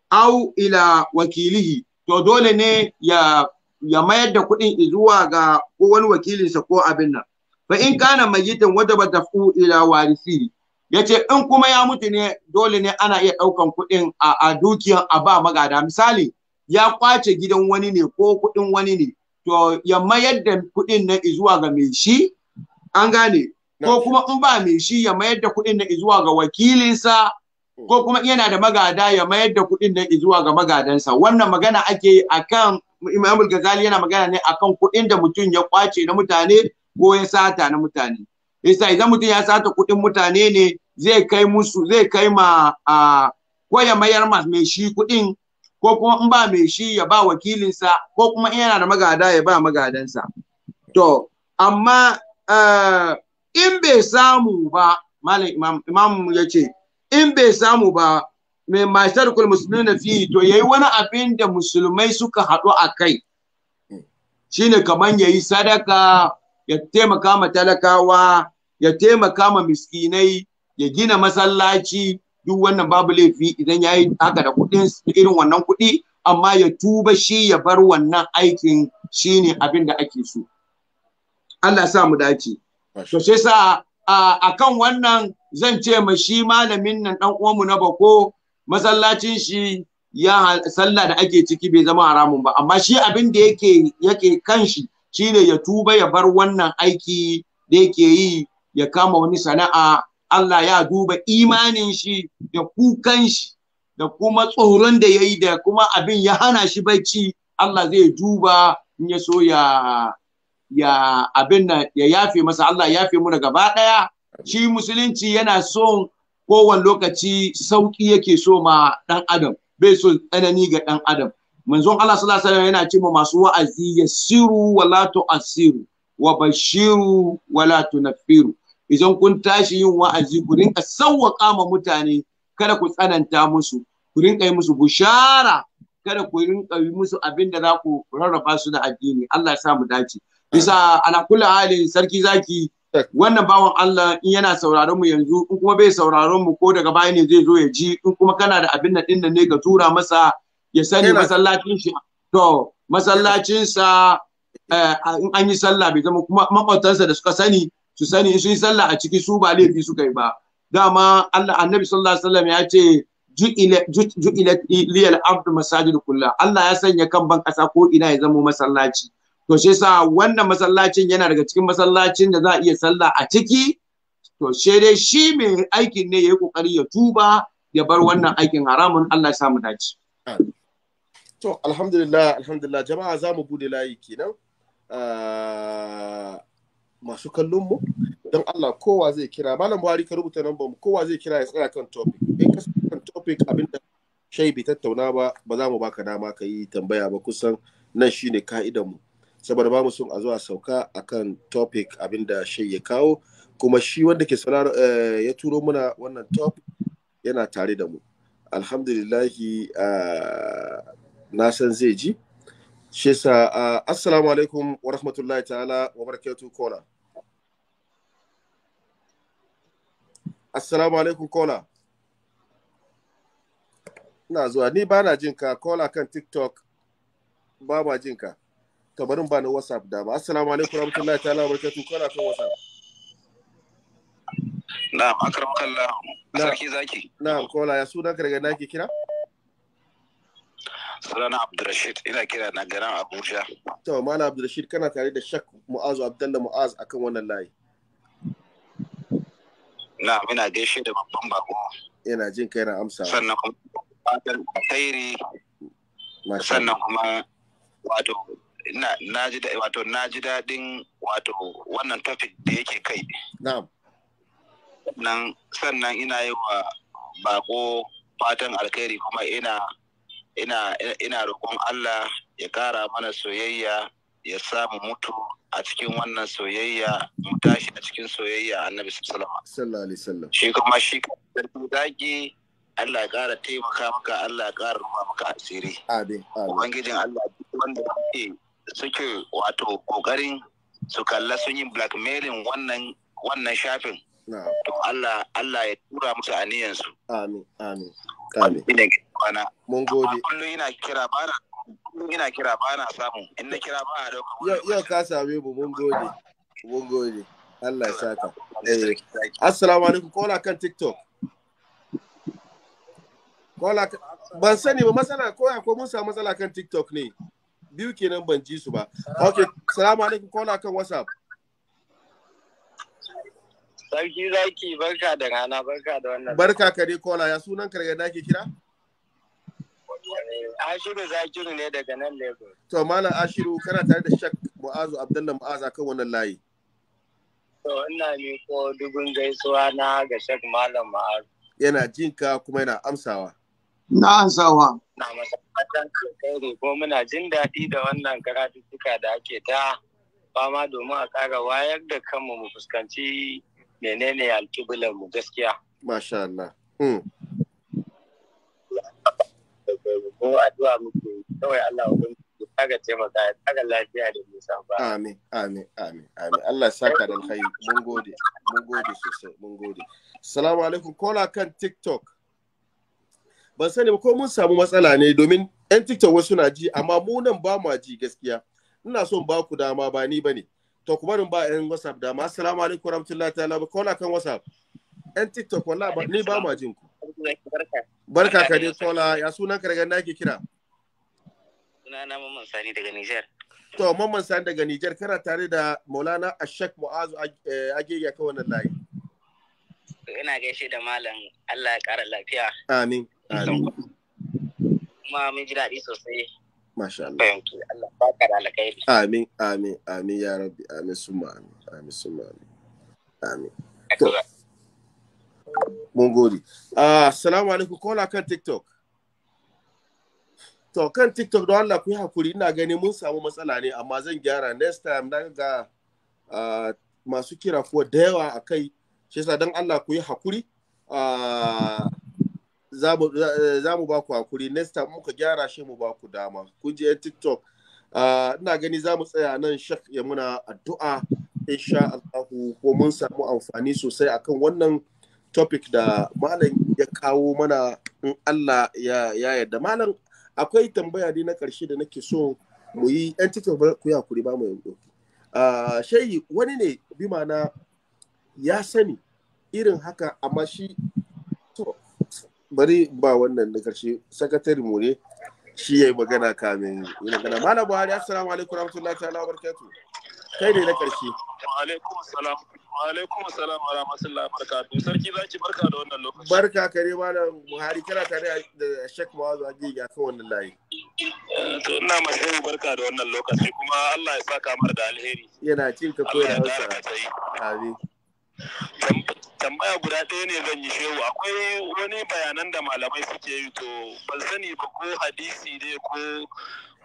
au ila wakilihi to dole ne ya ya mayar da kuɗin zuwa ga ko wani wakilinsa ko abin nan fa in kana mayitan wajaba dafu ila warisi yace in kuma ya mutu ne dole ne ana iya ɗaukan kuɗin a, a a ba magada misali ya kwace gidan wani ne ko kuɗin wani ne to ya mayar da kuɗin nan zuwa ga mai shi an gane ko kuma in ba mai shi ya mayar da kuɗin nan zuwa ga wakilinsa ko kuma yana da magada ya mayar da kuɗin nan zuwa ga magadansa wannan magana ake yi akan Imam Ghazali yana magana ne akan kuɗin da mutum ya kwace na mutane ko ya sata na mutane yasa idan mutum ya sata kuɗin mutane ne zai kai musu zai kai ma ko ya mayar ma mai shi kuɗin ko kuma in ba mai shi ya ba wakilinsa ko kuma in yana da magada ya ba magadansa to amma uh, in bai samu ba malam imam, imam ya ce in bai samu ba mai masar kul musulmi na fi to yayi wani abin da musulmai suka haɗu a kai shine kaman yayi sadaka ya taimaka ma talakawa ya taimaka ma miskinai ya gina masallaci duk wannan babu laifi idan ya yi haka da kuɗin irin wannan kuɗi amma ya tuba shi ya bar wannan aikin shine abin da ake so Allah sa mu dace to sai sa akan wannan zan ce ma shi malamin nan dan uwanmu na bako masallacin shi ya sallah da ake ciki bai zama haramun ba amma shi abin da yake yake kan shi shine ya tuba ya bar wannan aiki da yake yi ya kama wani sana'a Allah ya duba imanin shi da kukan shi da kuma tsoron da ya yi da kuma abin ya hana shi bacci Allah zai duba in ya so ya ya abin nan ya yafe masa Allah ya yafe mu da gaba ɗaya shi musulunci yana so kowane lokaci sauki yake so ma dan adam bai so tsanani ga dan adam manzon Allah sallallahu alaihi yana cewa masu wa'azi yasiru wala tu'siru wa bashiru wala tunfiru idan kun tashi yin wa'azi ku rinka sawwaka ma mutane kada ku tsananta musu ku rinka yi musu bushara kada ku rinka yi musu abin da za ku rarraba su da addini Allah ya sa mu dace bisa ala kulli halin sarki zaki wannan bawan Allah in yana sauraron mu yanzu in kuma bai sauraron mu ko daga baya ne zai zo ya ji in kuma kana da abin nan din nan ne ka tura masa ya sani masallacin shi to masallacin sa eh, in an yi sallah bai zama kuma makwabtansa da suka sani su sani in sun yi sallah a ciki su ba laifi suka yi ba dama Allah annabi sallallahu alaihi wasallam ya ce ju'ila liyal abdu masajid kullah Allah ya sanya kan ban kasa ko ina ya zama masallaci to shi yasa wannan masallacin yana daga cikin masallacin da za a iya sallah a ciki to shi dai shi mai aikin ne yayi yi kokari ya tuba ya bar wannan aikin haramun Allah ya sa mu dace to alhamdulillah alhamdulillah jama'a za mu bude layi kenan ah, masu kallon mu don Allah kowa zai kira malam Buhari ka rubuta nan mu kowa zai kira ya tsaya kan topic in ka kan topic abinda shai bi tattauna ba ba za mu baka dama ka yi tambaya ba kusan nan shine ka'idan mu saboda ba mu son a zo a sauka akan topic abinda shai ya kawo kuma shi wanda ke sauraro eh, ya turo muna wannan topic yana tare da mu alhamdulillahi ah, na san zai ji Shesa, sa uh, assalamu alaikum wa rahmatullahi ta'ala wa barakatu kola assalamu alaikum kola ina zuwa ni ba na jinka kola kan tiktok ba ma jinka to ba na whatsapp dama assalamu alaikum rahmatullahi ta'ala wa barakatu kola kan whatsapp Na, na kallah sarki zaki Na kola ya sunan ka daga naki kira sunana Abdulrashid ina kira na garin Abuja. To Malam Abdulrashid kana tare da Shak Mu'azu Abdullah Mu'az akan wannan layi. Na ina gaishe da babban bako. Ina jin kai na amsa. Sannan kuma fatan alkhairi. Sannan kuma wato na ji da wato naji dadin wato wannan topic da yake kai. Na'am. Sannan sannan ina yi wa bako fatan alkhairi kuma ina ina ina roƙon Allah ya ƙara mana soyayya ya samu mutu a cikin wannan soyayya mu tashi a cikin soyayya annabi sallallahu alaihi wasallam shi kuma shi da dagi Allah ya ƙara taimaka maka Allah ya ƙara ruwa maka asiri amin ubangijin Allah wanda suke suke wato kokarin su kalla sun yi blackmailing wannan wannan shafin to Allah Allah ya tura musu aniyan su amin amin amin kwana. Mun gode. Kullum ina kira bana ina kira bana samu in na kira Yau ka same mu mun gode. Mun gode. Allah ya saka. Eh. Assalamu alaikum kola kan TikTok. Kola ban sani ba matsala ko ko mun samu matsala kan TikTok ne. Biyu kenan ban ji su ba. Okay, assalamu alaikum kola kan WhatsApp. Sarki zaki barka da rana barka da wannan. Barka ka dai kola ya sunan karga da ke kira? Ashiru Zakiru ne daga nan Lagos. To Malam Ashiru kana tare da Shak Mu'azu Abdullah Mu'azu akan wannan layi. To ina miko dubun gaisuwa na ga Shak Malam Mu'azu. Yana jin ka kuma yana amsawa. Na amsawa. Na masa fatan alkhairi ko muna jin daɗi da wannan karatuttuka da ake ta fama domin a ƙara wayar da kanmu mu fuskanci menene alƙiblar mu gaskiya. Masha Allah. Hmm. akwai ba ko addu'a muke kawai Allah ubangiji ya kaga taimaka ya kaga lafiya da nisa ba amin amin amin amin Allah saka da alkhairi mun gode mun gode sosai mun gode assalamu alaikum kola kan tiktok ban sani ba ko mun samu matsala ne domin yan tiktok wasu na ji amma mu nan ba mu ji gaskiya ina son ba ku dama ba ni bane to kuma ba yan whatsapp dama assalamu alaikum warahmatullahi ta'ala kola kan whatsapp yan tiktok wallahi ni ba mu jin ku Barka ka dai Tola, ya sunan ka daga inda ake kira? Sunana Mamman Sani daga Nijar. To, Mamman Sani daga Nijar, kana tare da Maulana Ashak Mu'azu ya eh, kawo wannan layi. Ina gaishe da Malam Allah ya ƙara lafiya. Amin. Amin. Kuma mun ji daɗi sosai. Masha Allah. Allah da Amin, amin, amin ya rabbi, amin summa amin, amin amin. Amin. mun gode ah, assalamu alaikum kola kan tiktok to kan tiktok don Allah ku yi hakuri ina gani mun samu matsala ne amma zan gyara next time na ga ah, masu kira kuwa da yawa a kai shi yasa don Allah ku yi hakuri ah, eh, za mu ba ku hakuri next time muka gyara shi mu ba ku dama kun je tiktok ina gani za mu tsaya nan shak ya muna addu'a insha Allah ko mun samu amfani sosai akan wannan topic da malam ya kawo mana in Allah ya ya yarda malam akwai tambaya ne na ƙarshe da nake so mu yi yan cikin ku ya kuri ba mu yanzu ah, shayi wani ne bi mana ya sani irin haka amma shi to bari ba wannan na ƙarshe sakatare mu ne shi ya yi magana kamin yi magana malam buhari assalamu alaikum warahmatullahi ta'ala wa kai ne na ƙarshe wa alaikum assalam Wa alaikum assalam wa rahmatullah wa barakatuh. Sarki zaki barka da wannan lokaci. Barka kare malam Buhari kana tare da Sheikh Mawazu Agiga kan wannan layi. Eh, to ina masa barka da wannan lokaci kuma Allah ya saka mar da alheri. Yana cin ka koyar Hausa. Amin. tambaya guda ɗaya ne zan yi shehu akwai wani bayanan da malamai suke yi to ban sani ba ko hadisi ne ko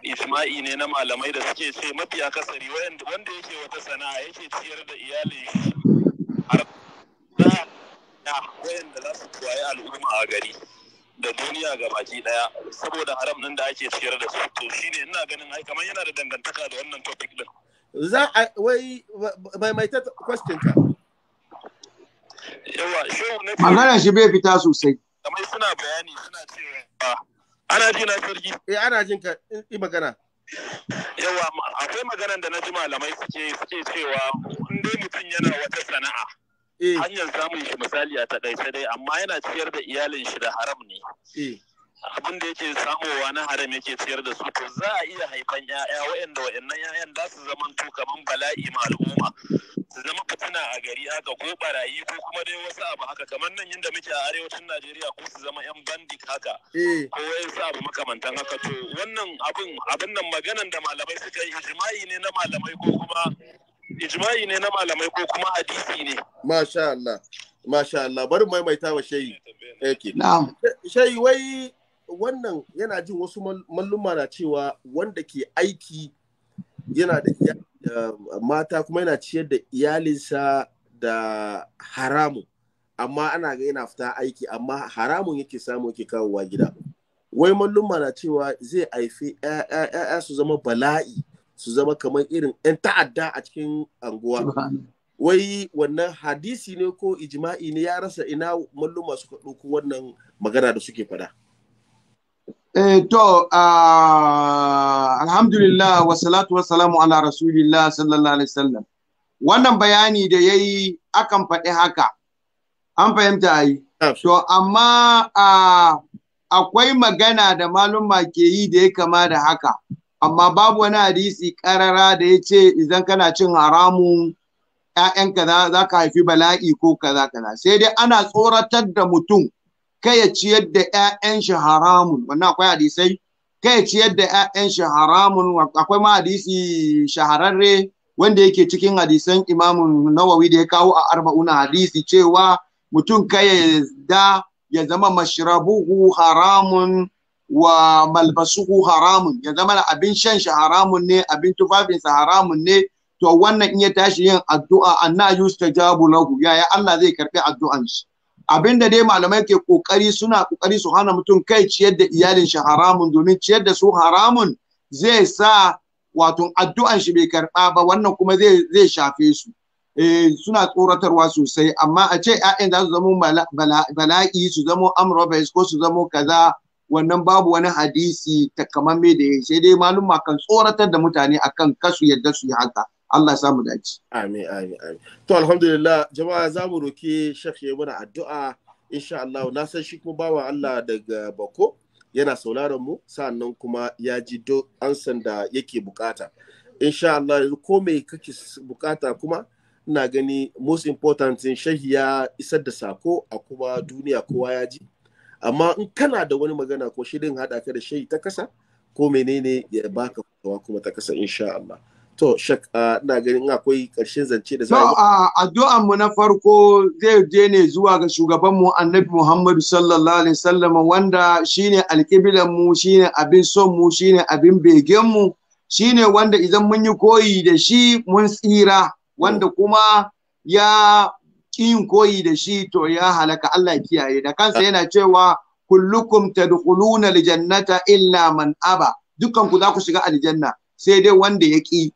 Isma'il ne na malamai da suke ce mafi akasari wanda yake wata sana'a yake ciyar da iyalin shi har da wayanda za su tuwaye al'umma a gari da duniya ga baki daya saboda haram din da ake ciyar da su to shine ina ganin ai kamar yana da dangantaka da wannan topic din za a wai maimaita question ka yawa shi ne magana shi bai fita sosai kamar suna bayani suna cewa Ana ji na sarki. Eh ana jin ka yi magana. Yawa akwai maganan da na ji malamai suke suke cewa in dai mutum yana wata sana'a. Eh. Hanyar samun shi misali a takaice dai amma yana ciyar da iyalin shi da haram ne. Eh. abin da yake samowa na haram yake ciyar da su to za a iya haifan ya'ya waɗanda waɗannan ya'yan za su zama to kaman bala'i ma al'umma su zama fitina a gari haka ko barayi ko kuma dai wasu abu haka kamar nan yadda muke a arewacin Najeriya ko su zama yan bandik haka eh. ko su abu makamantan haka to wannan abin abin nan maganan da malamai suka yi ijma'i ne na malamai ko kuma ijma'i ne na malamai ko kuma hadisi ne masha Allah masha Allah bari maimaita wa shayi na'am shayi wai wannan yana jin wasu malluma na cewa wanda ke aiki yana da eh, mata kuma yana ciyar da iyalinsa da haramu, amma ana ga yana fita aiki amma haramun yake samu yake kawowa gida wai malluma na cewa zai haifi ‘ya'ya su zama bala'i su zama kamar irin ‘yan ta'adda a cikin anguwa wai wannan hadisi ne ko ijma'i ne ya rasa ina malluma suka ɗauko wannan magana da suke faɗa. Eh, to, uh, alhamdulillah, wa salamu ala rasulillah sallallahu alaihi wasallam. Wannan bayani da yayi yi akan faɗi haka, an fahimta ayi yi. To, amma ah, akwai magana da malumma ke yi da ya kama da haka, amma babu wani hadisi ƙarara da ya ce idan kana cin haramun ƴaƴanka kaza za ka haifi bala'i ko kaza kaza. Sai dai ana tsoratar da mutum. kai ya ciyar da ƴaƴan shi haramun wannan akwai hadisai kai ya ciyar da ƴaƴan shi haramun akwai ma hadisi shahararre wanda yake cikin hadisan imamun nawawi da ya kawo a arba'una hadisi cewa mutum kai ya da ya zama mashrabuhu haramun wa malbasuhu haramun ya zama abin shan shi haramun ne abin tufafinsa haramun ne to wannan in ya tashi yin addu'a anna yustajabu lahu yaya Allah zai karbi addu'an shi abin da dai malamai ke kokari suna kokari su hana mutum kai ciyar da iyalin shi haramun domin ciyar da su haramun zai sa wato addu'an shi bai karba ba wannan kuma zai zai shafe su eh suna tsoratarwa sosai amma a ce ƴaƴan za su zama bala'i su zama amrobes ko su zama kaza wannan babu wani hadisi takamamme da ya sai dai malum kan tsoratar da mutane akan kasu yadda su yi haka Allah samu dace amin amin amin to alhamdulillah jama'a za mu roki shekh ya mana addu'a insha Allah na san shi kuma bawa Allah daga Bako yana sauraron mu sa'annan kuma ya ji do ansan da yake bukata insha Allah ko me kake bukata kuma ina gani most important shahi ya isar da sako a kuma duniya kowa ya ji amma in kana da wani magana ko shirin haɗa ka da shahi ta kasa ko menene ya baka kuma ta kasa insha Allah To, shak, na ganin akwai ƙarshen zance da za a addu'an mu na farko zai je ne zuwa ga shugaban mu Annabi Muhammadu sallallahu alaihi wasallam wanda shine alƙiblan mu, shine abin son mu, shine abin begen mu, shine wanda idan mun yi koyi da shi mun tsira, wanda kuma ya kin koyi da shi to ya halaka Allah kiyaye da kansa yana cewa kullukum tadkhuluna aljannata illa man aba dukkan ku za ku shiga aljanna sai dai wanda ya ki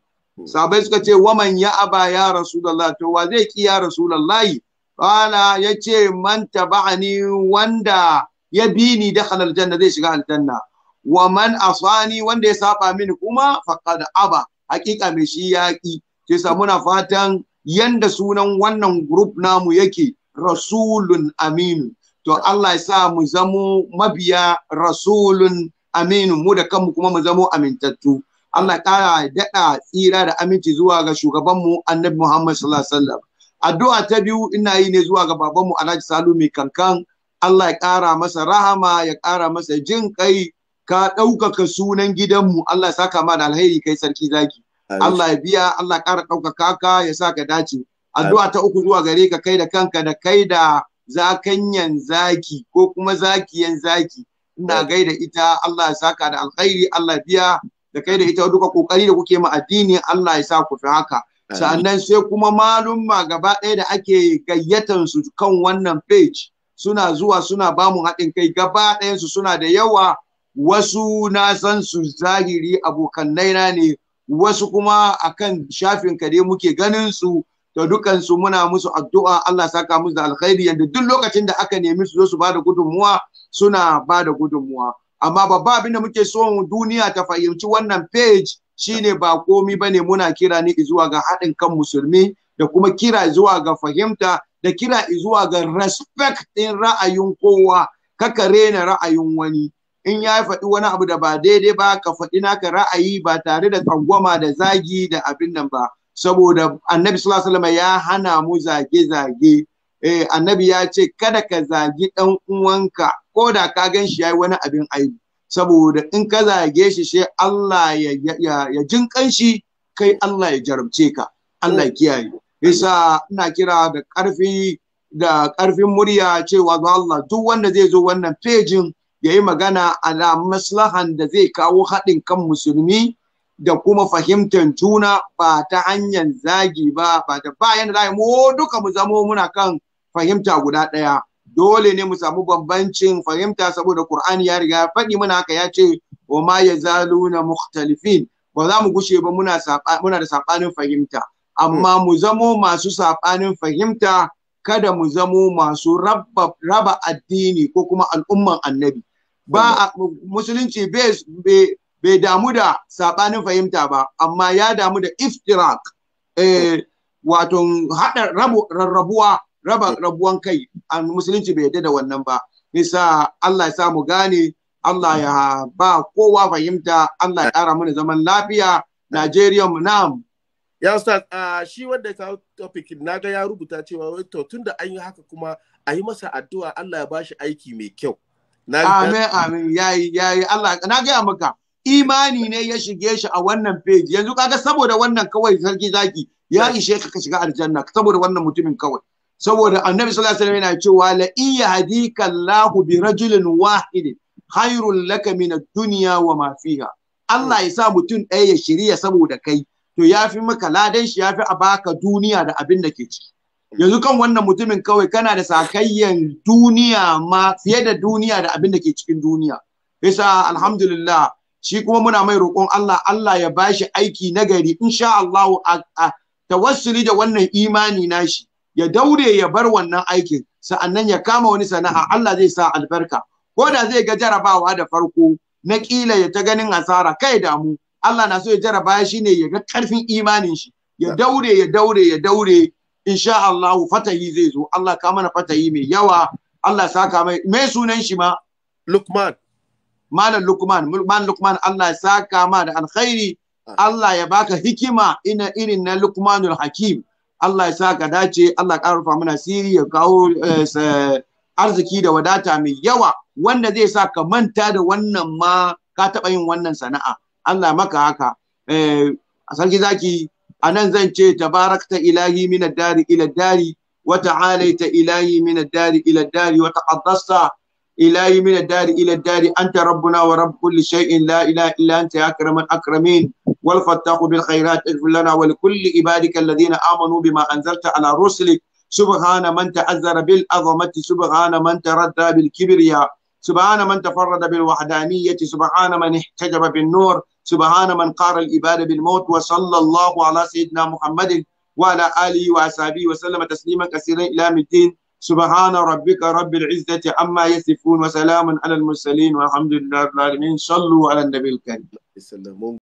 sabai suka ce waman ya aba ya rasulullah to wa zai ki ya rasulullahi qala yace man tabani wanda ya bi ni dakhala janna zai shiga aljanna wa man asani wanda ya saba mini kuma faqad aba hakika me shi ya ki sai muna fatan yanda sunan wannan group namu yake rasulun aminu to Allah ya sa mu zamo mabiya rasulun aminu mu da kanmu kuma mu zamo amintattu Allah ƙara daɗa tsira da aminci zuwa ga shugabanmu annabi Muhammad sallallahu alaihi wasallam. Addu'a ta biyu ina yi ne zuwa ga babanmu Alhaji Salu mai kankan Allah ya ƙara masa rahama ya ƙara masa jin kai ka ɗaukaka sunan gidanmu Allah ya saka ma da alheri kai sarki zaki. Allah ya biya Allah ƙara ɗaukaka ka ya sa ka dace. Addu'a ta uku zuwa gare ka kai da kanka da kai da zakanyan zaki ko kuma zakiyan zaki. Ina gaida ita Allah ya saka da alkhairi Allah ya biya da kai da ita duka kokari da kuke ma addini Allah ya sa ku fi haka sa'annan sai kuma malumma gaba ɗaya da ake gayyatan su kan wannan page suna zuwa suna ba mu haɗin kai gaba ɗayan su suna da yawa wasu na san su zahiri abokan na ne wasu kuma akan shafin ka dai muke ganin su da dukan su muna musu addu'a Allah saka musu da alkhairi yanda duk lokacin da aka nemi su zo su bada gudunmuwa suna ba da gudunmuwa amma babba abin da muke so duniya ta fahimci wannan page shine ba komi bane muna kira ni zuwa ga haɗin kan musulmi da kuma kira zuwa ga fahimta da kira zuwa ga respect ɗin ra'ayin kowa kaka rena ra'ayin wani in ya faɗi wani abu da ba daidai ba ka faɗi naka ra'ayi ba tare da tsangwama da zagi da abin nan ba saboda annabi sallallahu ya hana mu zage zage eh annabi ya ce kada ka zagi dan uwanka ko da ka gan shi ya yi wani abin aibu saboda in ka zage shi sai Allah ya jin kanshi kai Allah ya jarabce ka Allah ya kiyaye yasa ina kira da karfi da karfin murya cewa ga Allah duk wanda zai zo wannan fejin ya yi magana a maslahan da zai kawo haɗin kan musulmi da kuma fahimtar juna ba ta hanyar zagi ba ba ta bayan da mu oh, duka mu zamo muna kan fahimta guda ɗaya dole ne mu samu bambancin fahimta saboda Qur'ani ya riga faɗi muna haka ya ce wa ma ya zaluna mukhtalifin ba za mu gushe ba muna muna da sabanin fahimta amma mu zamo masu sabanin fahimta kada mu zamo masu raba addini ko kuma al'umman annabi ba musulunci bai damu da sabanin fahimta ba amma ya damu da iftirak eh, wato haɗa rarrabuwa raba eh. rabuwan kai a musulunci bai yadda da wannan ba nisa Allah ya sa mu gane Allah ya ba kowa fahimta Allah ya ƙara mana zaman lafiya Najeriya mu nam ya ustaz shi wanda ya topic naga ya rubuta cewa to tunda an yi haka kuma a yi masa addu'a Allah ya ba shi aiki mai kyau Amin, amin, yayi, yayi, Allah, na gaya maka, imani ne ya shige shi a wannan page, yanzu kaga saboda wannan kawai sarki zaki ya ishe ka ka shiga aljanna, saboda wannan mutumin kawai. saboda annabi sallallahu alaihi wasallam yana cewa la iya hadika Allah bi rajulin wahidin khairul laka min ad-dunya wa ma fiha Allah ya sa mutum ɗaya ya shirya saboda kai to yafi maka ladan shi yafi a baka duniya da abin da ke ciki yanzu kan wannan mutumin kawai kana da sakayyan duniya ma fiye da duniya da abin da ke cikin duniya yasa alhamdulillah shi kuma muna mai roƙon Allah Allah ya bashi aiki nagari insha Allah tawassuli da wannan imani nashi ya daure ya bar wannan aikin sa'annan ya kama wani sana'a Allah zai sa albarka ko da zai ga jarabawa da farko na kila ya ta ganin asara kai damu Allah na so ya jaraba ne ya ga karfin imanin shi ya daure ya daure ya daure insha Allah fatahi zai zo Allah ka mana fatahi mai yawa Allah saka mai me sunan shi ma Lukman Malam Lukman Malam Lukman Allah saka ma da alkhairi ah. Allah ya baka hikima ina irin na Lukmanul Hakim Allah ya sa ka dace Allah ya rufa mana siri ya kawo eh, arziki da wadata mai yawa wanda zai sa ka manta da wannan ma ka taɓa yin wannan sana'a Allah maka haka eh, a sarki zaki a nan zan ce tabarakta ilahi min dari ila dari wa ta'alaita ilahi min dari ila dari wa taqaddasta إلهي من الدار إلى الدار أنت ربنا ورب كل شيء لا إله إلا أنت يا أكرم الأكرمين والفتاق بالخيرات اغفر لنا ولكل عبادك الذين آمنوا بما أنزلت على رسلك سبحان من تعذر بالعظمة سبحان من تردى بالكبرياء سبحان من تفرد بالوحدانية سبحان من احتجب بالنور سبحان من قار الإبادة بالموت وصلى الله على سيدنا محمد وعلى آله وأصحابه وسلم تسليما كثيرا إلى الدين سبحان ربك رب العزة عما يصفون وسلام على المرسلين والحمد لله رب العالمين صلوا على النبي الكريم